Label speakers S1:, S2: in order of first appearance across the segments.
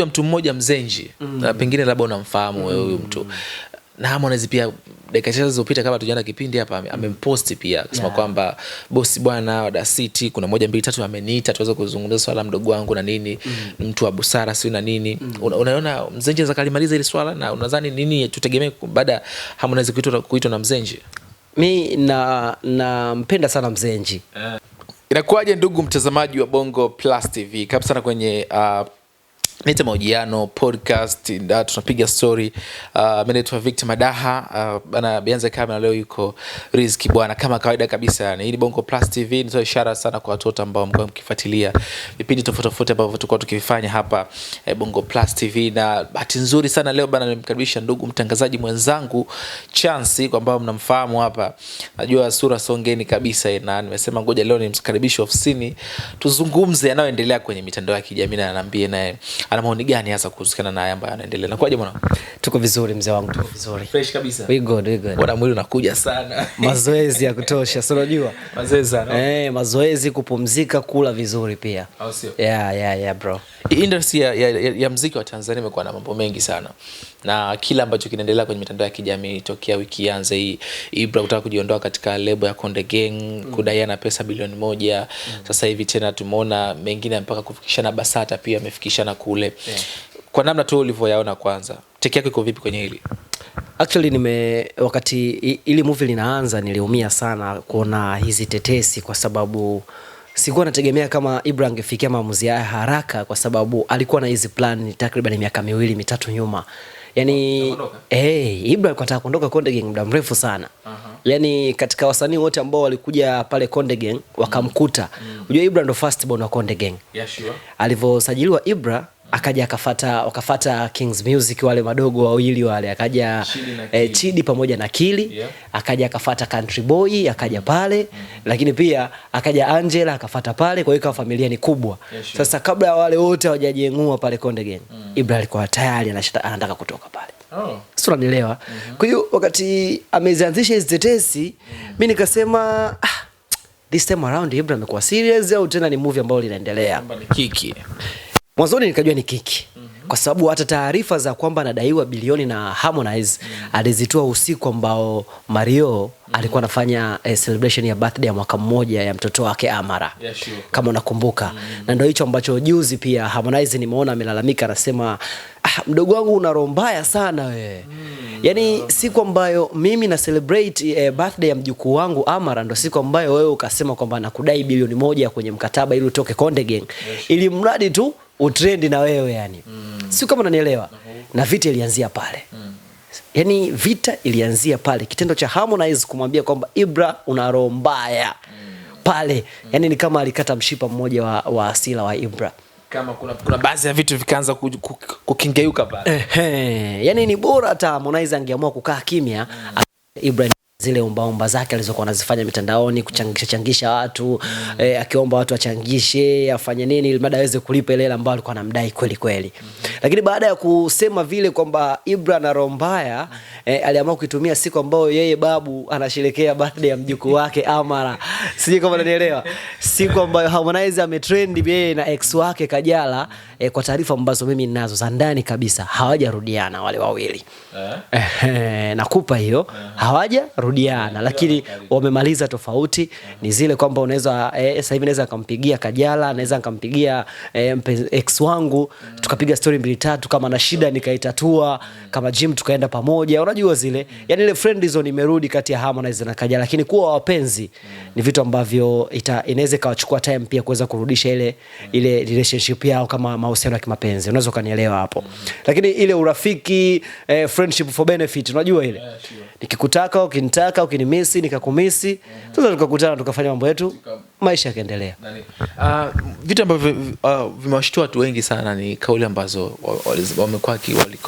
S1: ya mtu mmoja mzenji mm. na pengine labda unamfahamu wewe mm. huyu mtu na Harmonize pia dakika chache zilizopita kama tujaenda kipindi hapa amemposti pia akisema yeah. kwamba bosi bwana wa City kuna moja mbili tatu ameniita tuweze kuzungumza swala mdogo wangu na nini mm. mtu wa busara sio na nini mm. Una, unaona Mzenji za kalimaliza ile swala na unadhani nini tutegemee baada ya Harmonize kuitwa kuitwa na Mzenji? Mi na nampenda sana Mzenji. yeah. Inakuwaje ndugu mtazamaji wa Bongo Plus TV, kabisa na kwenye uh, nite mahojiano podcast da, tunapiga story uh, naitwa Victor Madaha uh, bana Bianze Kamera, leo yuko Rizki bwana, kama kawaida kabisa yani. Hii ni Bongo Plus TV, nitoa ishara sana kwa watoto ambao mko mkifuatilia vipindi tofauti tofauti ambavyo tulikuwa tukifanya hapa eh, Bongo Plus TV, na bahati nzuri sana leo bana nimkaribisha ndugu mtangazaji mwenzangu Chance, kwa ambao mnamfahamu hapa, najua sura songeni kabisa, na nimesema ngoja leo nimkaribishe ofisini tuzungumze yanayoendelea kwenye mitandao ya kijamii na naambie naye ana maoni gani hasa kuhusiana na haya ambayo anaendelea? Nakuaje mwana? Tuko vizuri mzee wangu, tuko vizuri fresh kabisa, we good, we good. Bwana mwili unakuja sana mazoezi ya kutosha, si unajua mazoezi sana eh, mazoezi, kupumzika, kula vizuri pia, au sio? Yeah, yeah, yeah bro industry ya, ya, ya mziki wa Tanzania imekuwa na mambo mengi sana, na kila ambacho kinaendelea kwenye mitandao ya kijamii tokea wiki ianze hii, Ibra kutaka kujiondoa katika lebo ya Konde Gang mm. ana pesa bilioni moja mm. Sasa hivi tena tumeona mengine mpaka kufikishana, Basata pia amefikishana kule yeah. Kwa namna tu ulivyoyaona, kwanza teke yako iko vipi kwenye hili? Actually nime wakati ili movie linaanza niliumia sana kuona hizi tetesi kwa sababu sikuwa nategemea kama Ibra angefikia maamuzi haya haraka, kwa sababu alikuwa na hizi plan takriban miaka miwili mitatu nyuma. Yani hey, eh, Ibra alikuwa anataka kuondoka Konde Gang muda mrefu sana. uh -huh. Yani katika wasanii wote ambao walikuja pale Konde Gang wakamkuta, mm. mm. Ibra ndo first born wa Konde Gang. yeah, sure. alivyosajiliwa Ibra akaja akafata wakafata Kings Music wale madogo wawili wale akaja Chidi, eh, Chidi pamoja na Kili yeah. Akaja akafata Country Boy akaja pale mm -hmm. Lakini pia akaja Angela akafata pale, kwa hiyo kama familia ni kubwa yeah, sure. Sasa kabla ya wale wote hawajajengua pale Konde Gang mm -hmm. Ibra alikuwa tayari anataka kutoka pale oh. Sura nilewa mm -hmm. Kwa hiyo wakati amezianzisha hizi tetesi mm -hmm. Mimi nikasema ah, this time around Ibra amekuwa serious au tena ni movie ambayo linaendelea kiki Mwanzoni nikajua ni kiki kwa sababu hata taarifa za kwamba anadaiwa bilioni na Harmonize mm alizitoa usiku ambao Mario mm alikuwa anafanya eh, celebration ya birthday ya mwaka mmoja ya mtoto wake Amara yeah, sure. kama unakumbuka mm -hmm. na ndio hicho ambacho juzi pia Harmonize nimeona amelalamika, anasema ah, mdogo wangu una roho mbaya sana wewe mm -hmm. Yaani siku ambayo mimi na celebrate eh, birthday ya mjukuu wangu Amara ndio siku ambayo wewe ukasema kwamba nakudai bilioni moja kwenye mkataba ili utoke Konde Gang, yeah, sure. ili mradi tu utrendi na wewe yani. Mm. Sio kama unanielewa. Na vita ilianzia pale. Mm. Yaani vita ilianzia pale. Kitendo cha Harmonize kumwambia kwamba Ibra una roho mbaya. Mm. Pale. Mm. Yaani ni kama alikata mshipa mmoja wa, wa asila wa Ibra. Kama kuna, kuna baadhi ya vitu vikaanza kukingeuka pale. eh. Yaani ni bora hata Harmonize angeamua kukaa kimya. Mm. Ibra zile ombaomba zake alizokuwa anazifanya mitandaoni kuchangisha changisha watu mm. eh, akiomba watu achangishe afanye nini ili mada aweze kulipa ile hela ambayo alikuwa anamdai kweli kweli mm. lakini baada ya kusema vile kwamba Ibra na Rombaya mm. eh, aliamua kuitumia siku ambayo yeye babu anasherekea birthday ya mjukuu wake Amara sijui kama unanielewa siku ambayo Harmonize ametrend yeye na ex wake Kajala eh, kwa taarifa ambazo mimi ninazo za ndani kabisa hawajarudiana wale wawili eh? Eh, nakupa hiyo eh. hawajarudiana kurudiana, lakini wamemaliza tofauti ni zile kwamba unaweza eh, sasa hivi naweza akampigia Kajala, naweza nikampigia eh, ex wangu tukapiga story mbili tatu, kama na shida nikaitatua, kama gym tukaenda pamoja, unajua zile, yani ile friend zone imerudi kati ya Harmonize na Kajala, lakini kuwa wapenzi ni vitu ambavyo inaweza ikawachukua time pia kuweza kurudisha ile ile relationship yao kama mahusiano ya kimapenzi, unaweza ukanielewa hapo, lakini ile urafiki eh, friendship for benefit, unajua ile nikikutaka ukinitaka ukinimisi nikakumisi mm -hmm. Sasa tukakutana tukafanya mambo yetu maisha yakaendelea. Uh, vitu ambavyo uh, vimewashtua watu wengi sana ni kauli ambazo wamekuwa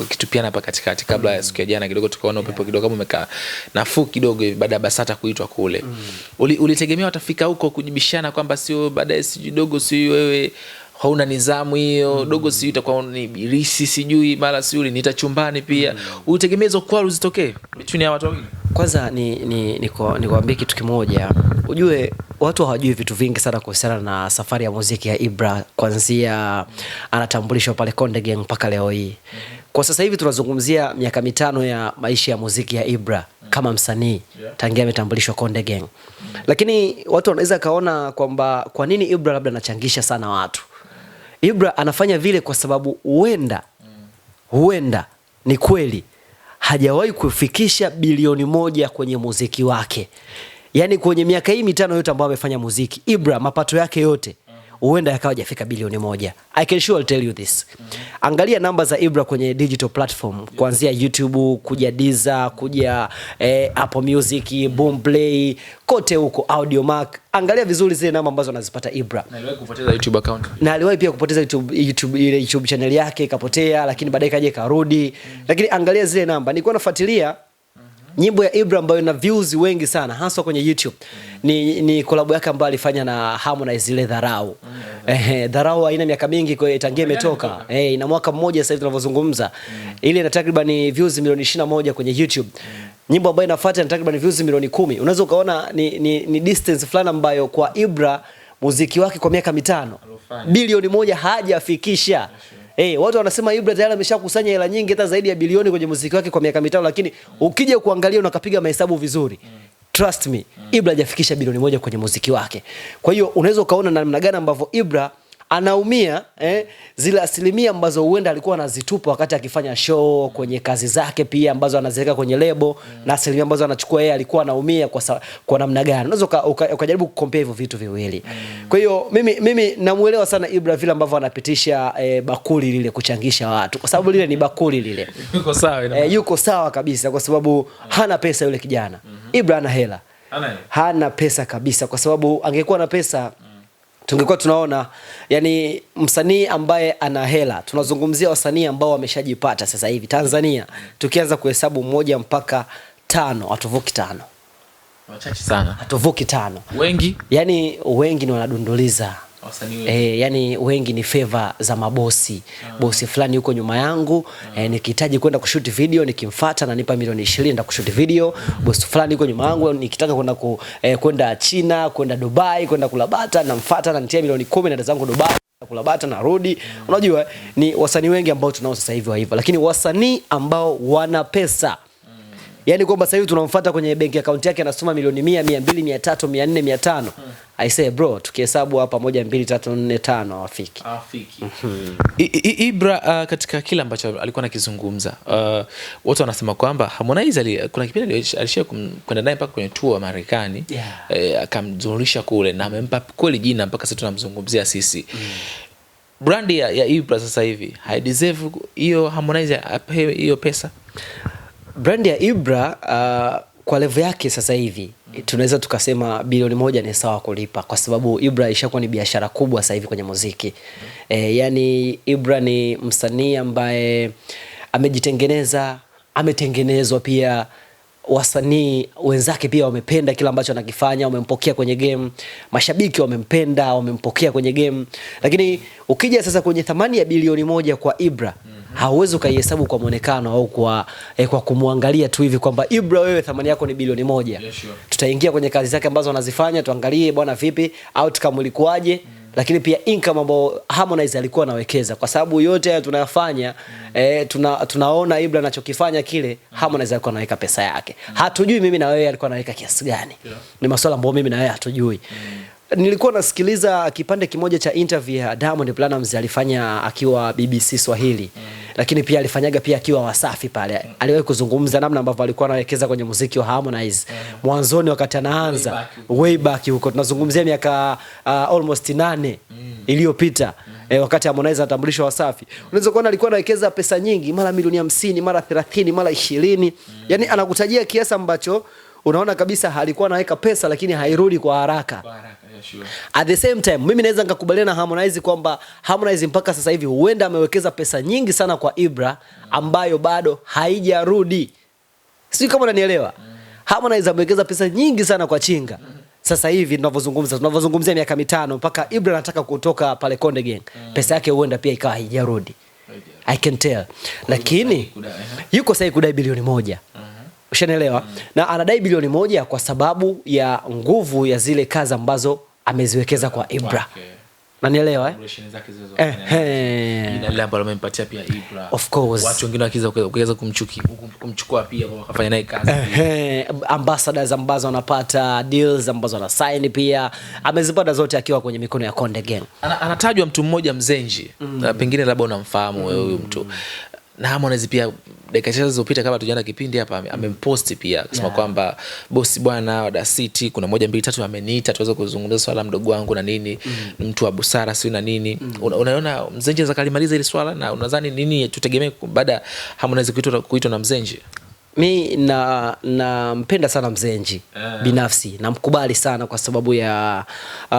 S1: wakitupiana hapa katikati kabla ya mm siku ya jana kidogo tukaona upepo yeah. kidogo kama umekaa nafuu kidogo baada ya Basata kuitwa kule mm -hmm. ulitegemea watafika huko kujibishana kwamba sio baadaye, sijui dogo, wewe hauna nizamu hiyo mm. dogo sijui itakuwa ni birisi sijui mara sijui nita chumbani pia mm. utegemezo kwaru zitokee bichuni ya watu wawili kwanza ni ni ni, kwa, ni kwa kitu kimoja ujue watu hawajui vitu vingi sana kuhusiana na safari ya muziki ya ibra kwanzia anatambulishwa pale konde gang mpaka leo hii mm. kwa sasa hivi tunazungumzia miaka mitano ya maisha ya muziki ya ibra mm. kama msanii tangia ametambulishwa konde gang mm. lakini watu wanaweza kaona kwamba kwa nini ibra labda anachangisha sana watu Ibra anafanya vile kwa sababu huenda huenda ni kweli hajawahi kufikisha bilioni moja kwenye muziki wake, yaani kwenye miaka hii mitano yote ambayo amefanya muziki Ibra, mapato yake yote huenda yakawa jafika bilioni moja. I can sure tell you this. Mm -hmm. Angalia namba za Ibra kwenye digital platform kuanzia YouTube kuja Deezer, kuja eh, Apple Music, Boomplay, kote huko Audiomack. Angalia vizuri zile namba ambazo anazipata Ibra. Na aliwahi kupoteza YouTube account. Na aliwahi pia kupoteza YouTube, YouTube, ile YouTube channel yake ikapotea, lakini baadaye kaje karudi. Mm -hmm. Lakini angalia zile namba. Nilikuwa nafuatilia Nyimbo ya Ibra ambayo ina views wengi sana hasa kwenye YouTube ni, ni kolabu yake ambayo alifanya na Harmonize ile dharau. Eh, dharau haina miaka mingi kwa hiyo tangia imetoka. Eh, ina mwaka mmoja sasa hivi tunavyozungumza. Ile ina takriban views milioni 21 kwenye YouTube. Nyimbo ambayo inafuata ina takriban views milioni kumi. Unaweza ukaona ni, ni, ni distance fulani ambayo kwa Ibra muziki wake kwa miaka mitano bilioni moja hajafikisha hey, eh, watu wanasema Ibra tayari ameshakusanya hela nyingi hata zaidi ya bilioni kwenye muziki wake kwa miaka mitano, lakini ukija kuangalia unakapiga mahesabu vizuri mm. Trust me, Ibra hajafikisha bilioni moja kwenye muziki wake. Kwa hiyo unaweza ukaona namna gani ambavyo Ibra anaumia eh, zile asilimia ambazo huenda alikuwa anazitupa wakati akifanya show kwenye kazi zake pia ambazo anaziweka kwenye lebo mm. na asilimia ambazo anachukua yeye alikuwa anaumia kwa, sa, kwa namna gani? Unaweza ukajaribu uka, uka kukompea hivyo vitu viwili mm. kwa hiyo mimi, mimi namuelewa sana Ibra vile ambavyo anapitisha eh, bakuli lile kuchangisha watu kwa sababu lile ni bakuli lile yuko sawa, eh, yuko sawa kabisa kwa sababu hana pesa yule kijana mm -hmm. Ibra ana hela hana pesa kabisa kwa sababu angekuwa na pesa mm tungekuwa tunaona yani msanii ambaye ana hela. Tunazungumzia wasanii ambao wameshajipata sasa hivi Tanzania, tukianza kuhesabu moja mpaka tano, hatuvuki tano, wachache sana, hatuvuki tano. Wengi yani wengi ni wanadunduliza E, yani wengi ni feva za mabosi ah. Bosi fulani yuko nyuma yangu ah. E, nikihitaji kwenda kushoot video nikimfuata na nipa milioni 20 nda kushoot video mm. Bosi fulani yuko nyuma yangu nikitaka kwenda ku, eh, kwenda China kwenda Dubai kwenda kulabata namfuata na nitia milioni 10 naenda zangu Dubai kulabata narudi mm. Unajua ni wasanii wengi ambao tunao sasa hivi wa hivyo, lakini wasanii ambao wana pesa Yaani kwamba sasa hivi tunamfuata kwenye benki account yake anasoma milioni 100, 200, 300, 400, 500. I say bro, tukihesabu hapa 1 2 3 4 5 hawafiki. Hawafiki. Ibra uh, katika kila ambacho alikuwa anakizungumza. Uh, watu wanasema kwamba Harmonize ali, kuna kipindi alishia kwenda naye mpaka kwenye tour wa Marekani yeah. yeah. Eh, kule na amempa kweli jina mpaka sasa tunamzungumzia sisi. hmm Brandi ya, ya Ibra sasa hivi haideserve hiyo Harmonize apewe hiyo pesa brand ya Ibra uh, kwa level yake sasa hivi tunaweza tukasema bilioni moja ni sawa kulipa, kwa sababu Ibra ishakuwa ni biashara kubwa sasa hivi kwenye muziki e, yani Ibra ni msanii ambaye amejitengeneza, ametengenezwa pia wasanii wenzake pia wamependa kile ambacho anakifanya, wamempokea kwenye game, mashabiki wamempenda, wamempokea kwenye game. Lakini ukija sasa kwenye thamani ya bilioni moja kwa Ibra mhm. hauwezi ukaihesabu kwa mwonekano au kwa, eh, kwa kumwangalia tu hivi kwamba Ibra wewe thamani yako ni bilioni moja. Yeah, sure. Tutaingia kwenye kazi zake ambazo anazifanya tuangalie bwana, vipi outcome ilikuwaje? mm -hmm lakini pia income ambayo Harmonize alikuwa anawekeza, kwa sababu yote haya tunayafanya mm. eh, tuna, tunaona Ibra anachokifanya kile, mm. Harmonize alikuwa anaweka pesa yake mm. hatujui mimi na wewe alikuwa anaweka kiasi gani yeah. ni masuala ambayo mimi na wewe hatujui mm. Nilikuwa nasikiliza kipande kimoja cha interview ya Diamond Platnumz alifanya akiwa BBC Swahili mm lakini pia alifanyaga pia akiwa Wasafi pale. Aliwahi kuzungumza namna ambavyo alikuwa anawekeza kwenye muziki wa Harmonize mm. mwanzoni, wakati anaanza way back huko, tunazungumzia miaka uh, almost nane mm. iliyopita E, wakati Harmonize anatambulishwa Wasafi unaweza kuona alikuwa anawekeza pesa nyingi, mara milioni hamsini, mara thelathini, mara ishirini mm. yani anakutajia kiasi ambacho unaona kabisa alikuwa anaweka pesa lakini hairudi kwa haraka. At the same time mimi naweza nikakubaliana na Harmonize kwamba Harmonize mpaka sasa hivi huenda amewekeza pesa nyingi sana kwa Ibra ambayo bado haijarudi. Sijui kama unanielewa. Harmonize amewekeza pesa nyingi sana kwa Chinga sasa hivi tunavyozungumza tunavyozungumzia miaka mitano mpaka Ibra anataka kutoka pale Konde Gang Pesa yake huenda pia ikawa haijarudi I can tell, lakini eh? yuko sahi kudai bilioni moja. Mm. Ushanelewa? Mm. Na anadai bilioni moja kwa sababu ya nguvu ya zile kazi ambazo ameziwekeza kwa Ibra. Okay. Nanielewa eh? Eh, eh. Ile ambayo amempatia pia Ibra. Of course. Watu wengine wakiweza kuweza kumchuki, kumchukua pia kwa kufanya naye kazi. Eh, eh. Ambassadors ambazo anapata, deals ambazo ana sign pia. Amezipata zote akiwa kwenye mikono ya Konde Gang. anatajwa mtu mmoja Mzenji. Mm. Pengine labda unamfahamu wewe mm. huyu mtu. Mm na Harmonize pia dakika chache zilizopita kabla tujaanza kipindi hapa amemposti pia akasema yeah, kwamba bosi bwana wa kuna moja mbili tatu ameniita tuweze kuzungumza swala mdogo wangu na nini mm. mtu wa busara sio na nini mm. unaona Mzenje zakalimaliza ile swala na unadhani nini tutegemee baada ya Harmonize kuitwa na Mzenje? mi nampenda na sana Mzenji yeah. Binafsi namkubali sana kwa sababu ya uh,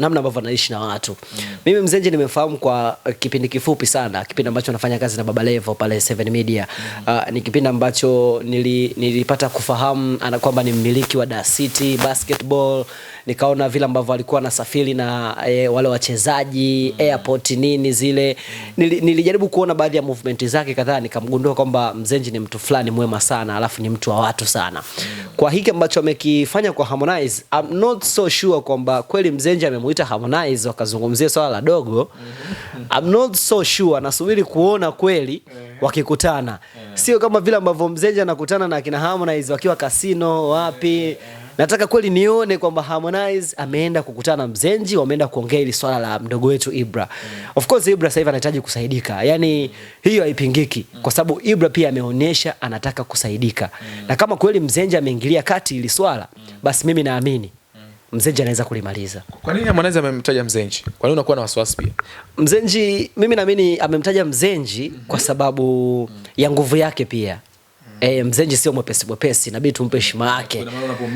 S1: namna ambavyo anaishi na watu mm. Mimi Mzenji nimefahamu kwa kipindi kifupi sana, kipindi ambacho nafanya kazi na Baba Levo pale Seven Media mm. Uh, ni kipindi ambacho nili, nilipata kufahamu ana kwamba ni mmiliki wa da City Basketball nikaona vile ambavyo walikuwa nasafiri na e, wale wachezaji mm. airport nini zile mm. Nili, nilijaribu kuona baadhi ya movement zake kadhaa, nikamgundua kwamba Mzenji ni mtu fulani mwema sana, alafu ni mtu wa watu sana. Mm. Kwa hiki ambacho amekifanya kwa Harmonize, I'm not so sure kwamba kweli Mzenji amemuita Harmonize wakazungumzia swala la dogo. Mm-hmm. I'm not so sure, nasubiri kuona kweli eh. wakikutana, eh. sio kama vile ambavyo Mzenji anakutana na kina Harmonize wakiwa kasino wapi yeah, Nataka kweli nione kwamba Harmonize ameenda kukutana na Mzenji, wameenda kuongea hili swala la mdogo wetu Ibra. Mm. Of course Ibra sasa hivi anahitaji kusaidika. Yaani hiyo haipingiki mm, kwa sababu Ibra pia ameonyesha anataka kusaidika. Mm. Na kama kweli Mzenji ameingilia kati hili swala, mm, basi mimi naamini mm. Mzenji anaweza kulimaliza. Kwa nini Harmonize amemtaja Mzenji? Kwa nini unakuwa na wasiwasi pia? Mzenji, mimi naamini amemtaja Mzenji mm. kwa sababu mm ya nguvu yake pia eh, mzenji sio mwepesi mwepesi, inabidi tumpe heshima yake. Unapo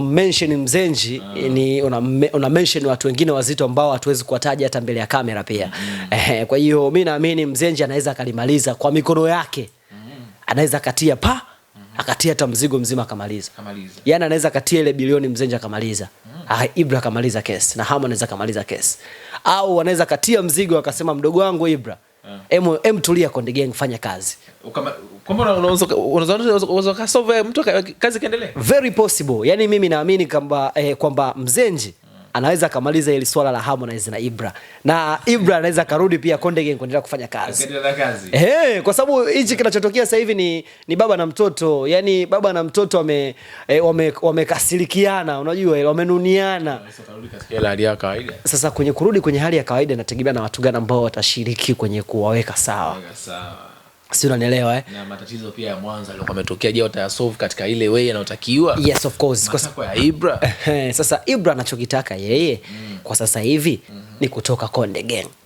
S1: mention eh. eh, mzenji uh, ah. eh, ni una, una mention watu wengine wazito ambao hatuwezi kuwataja hata mbele ya kamera pia mm. Eh, kwa hiyo mi naamini mzenji anaweza akalimaliza kwa mikono yake mm. anaweza akatia pa mm-hmm. akatia hata mzigo mzima akamaliza, akamaliza. yaani anaweza akatia ile bilioni mzenji akamaliza mm. Ah, Ibra akamaliza kesi na Hamo anaweza kamaliza kesi, au anaweza katia mzigo akasema mdogo wangu Ibra yeah. em tulia Konde Gang, fanya kazi. Kama unaweza unaweza kasolve mtu kazi kaendelee. Very possible. Yaani mimi naamini kwamba eh, kwamba Mzenji anaweza akamaliza ile swala la Harmonize na Ibra na Ibra anaweza akarudi pia Konde Gang kuendelea kufanya kazi, kazi. kwa sababu hichi kinachotokea sasa hivi ni, ni baba na mtoto yani baba na mtoto wame eh, wame wamekasirikiana unajua eh, wamenuniana. Sasa kwenye kurudi kwenye hali ya kawaida inategemea na watu gani ambao watashiriki kwenye kuwaweka sawa, sawa si unanielewa eh? na matatizo pia ya mwanza alikuwa ametokea je watayasolve katika ile way anayotakiwa yes of course kwa ya ibra sasa ibra anachokitaka yeye mm. kwa sasa hivi mm-hmm. ni kutoka konde gang mm